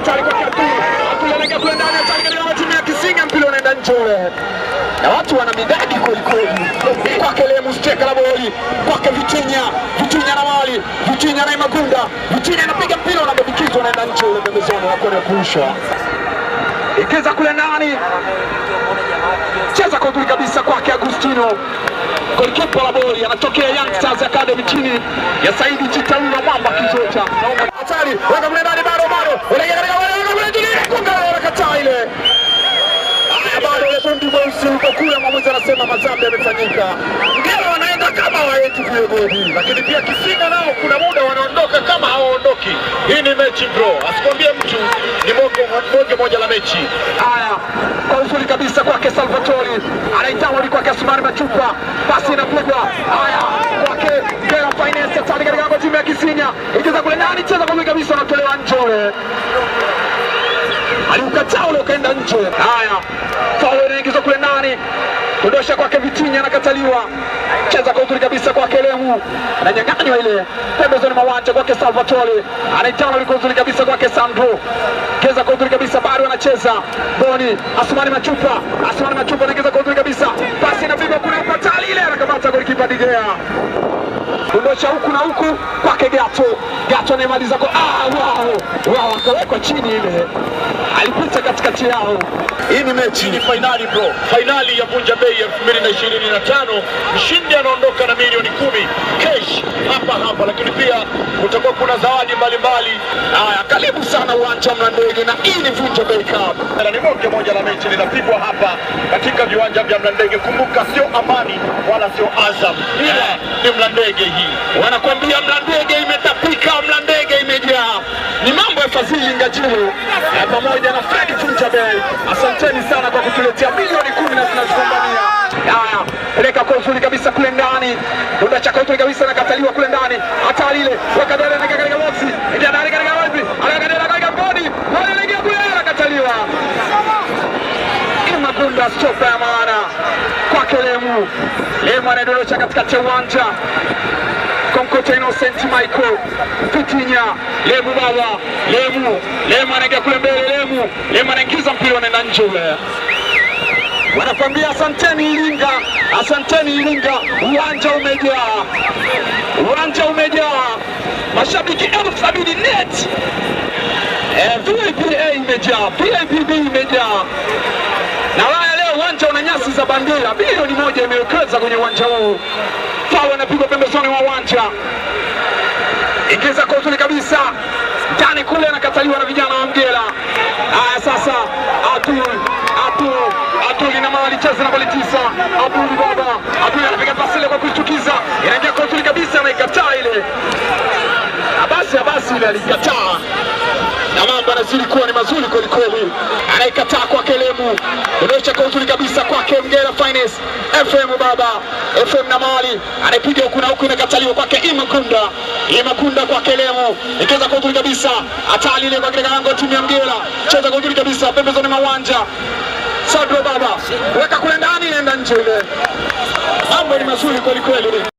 hatari kwake Abdul. Abdul anaingia kule ndani, hatari katika machini ya Kisinga, mpira unaenda nje ule. Na watu wana midaki kweli kweli. Kwake leo msteka la boli, kwake Vichinya, Vichinya na Mali, Vichinya na Magunda, Vichinya anapiga mpira unabadikizwa unaenda nje ule pembezoni wako na kuusha. Ikeza kule ndani. Cheza kwa kabisa kwake Agustino golikipa la boli anatokea Young Stars Academy chini ya Saidi Chitaula Mwamba Kizota. hatari, weka kule ndani bado bado. Unaingia katika wale wale kule chini. Kunga anakataa ile. Haya bado ile kundi mweusi uko kule mwamuzi anasema mazambi yamefanyika. Ngera wanaenda kama waeti vile goli. Lakini pia Kisinga nao kuna muda wanaondoka kama hawaondoki. Hii ni mechi bro. Asikwambie mtu ni bonge bonge moja la mechi. Haya kwa uzuri kabisa kwake Salvatore. Anaitawali kwake Asumani Machupa. ule aliukataa ule ukaenda nje. Haya, faul inaingizwa kule ndani, kudosha kwake Vitinya anakataliwa, cheza kwa uzuri kabisa kwake Lemu, ananyang'anywa ile pembezoni mwa uwanja kwake Salvatore, anaitana ile uzuri kabisa kwake Sandro, cheza kwa uzuri kabisa, bado anacheza Boni Asumani Machupa, Asumani Machupa anaingiza kwa uzuri kabisa, pasi inapigwa kule upatali, ile anakamata golikipa Digea kudosha huku na huku kwake Gato, Gato anayemaliza kwa ah, wow wao akawekwa chini, ile alipita katikati yao. Hii ni mechi, ni fainali bro, fainali ya Vunja Bei 2025. Mshindi anaondoka na milioni kumi cash hapa hapa, lakini pia kutakuwa kuna zawadi mbalimbali. Haya, karibu sana uwanja Mlandege, na hii ni Vunja Bei Cup. Ni moja moja la mechi linapigwa hapa katika viwanja vya Mlandege. Kumbuka sio Amani wala sio Azam, ila ni Mlandege. Hii wanakwambia Mlandege ime Billy Ngajuru na pamoja na Fred Funja Bell, asanteni sana kwa kutuletea milioni kumi na tunazigombania. Haya, peleka kwa uzuri kabisa kule ndani, dunda chako uzuri kabisa, nakataliwa kule ndani, hata lile wakadere na katika boksi ndio ndani katika wapi anakadere katika bodi wale ligi kule Ima Imagunda stopa ya maana kwa Kelemu Lemu anaendelea katikati ya uwanja St Michael Fitinya Lemu baba Lemu Lemu anaingia kule mbele Lemu Lemu anaingiza mpira unaenda nje ule wanakwambia asanteni Iringa, asanteni Iringa, uwanja umejaa, uwanja umejaa mashabiki elfu sabini net eh, VAPA imejaa, VIPB imejaa na waya leo. Uwanja una nyasi za bandera, bilioni moja imewekeza kwenye uwanja huu. Faul anapigwa pembezoni mwa uwanja ingiza kwa uzuri kabisa ndani kule, anakataliwa na vijana wa Mgela. Haya, sasa atu atu atuli na mali cheza nambari tisa Abduli baba Abduli anapiga pasi ile kwa kushtukiza, inaingia kwa uzuri kabisa, anaikataa ile abasi abasi ile alikataa na mambo anazidi kuwa ni mazuri kwelikweli, anaikataa kwa kelemu, anaosha kwa uzuri kabisa kwake. Mgera Finance FM baba FM na mali anapiga huku na huku, inakataliwa kwake. Imakunda Imakunda kwa kelemu, ikaza kwa uzuri kabisa, hatari ile kwa kigango timu ya Mgera, cheza kwa uzuri kabisa pembezoni mwa uwanja Sadro baba, weka kule ndani, nenda nje ile, mambo ni mazuri kwelikweli.